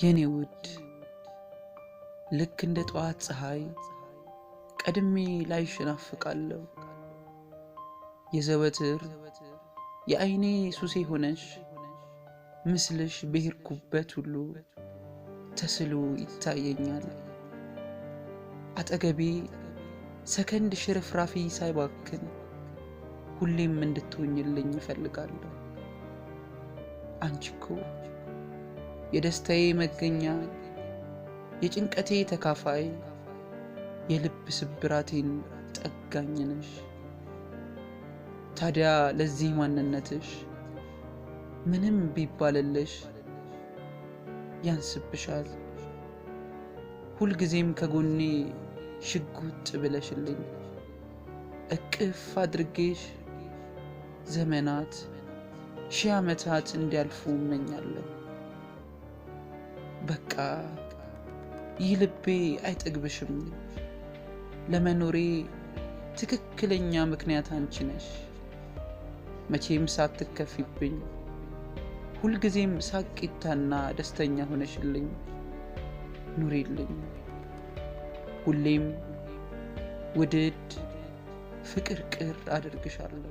የኔ ውድ ልክ እንደ ጠዋት ፀሐይ ቀድሜ ላይሽ ናፍቃለሁ። የዘወትር የአይኔ ሱሴ ሆነሽ ምስልሽ ብሄርኩበት ሁሉ ተስሎ ይታየኛል። አጠገቤ ሰከንድ ሽርፍራፊ ሳይባክን ሁሌም እንድትሆኝልኝ እፈልጋለሁ። አንቺ እኮ የደስታዬ መገኛ፣ የጭንቀቴ ተካፋይ፣ የልብ ስብራቴን ጠጋኝ ነሽ። ታዲያ ለዚህ ማንነትሽ ምንም ቢባልልሽ ያንስብሻል። ሁልጊዜም ከጎኔ ሽጉጥ ብለሽልኝ እቅፍ አድርጌሽ ዘመናት ሺህ ዓመታት እንዲያልፉ እመኛለሁ። በቃ ይህ ልቤ አይጠግብሽም። ለመኖሬ ትክክለኛ ምክንያት አንቺ ነሽ። መቼም ሳትከፊብኝ፣ ሁልጊዜም ሳቂታና ደስተኛ ሆነሽልኝ ኑሪልኝ። ሁሌም ውድድ ፍቅር ቅር አድርግሻለሁ።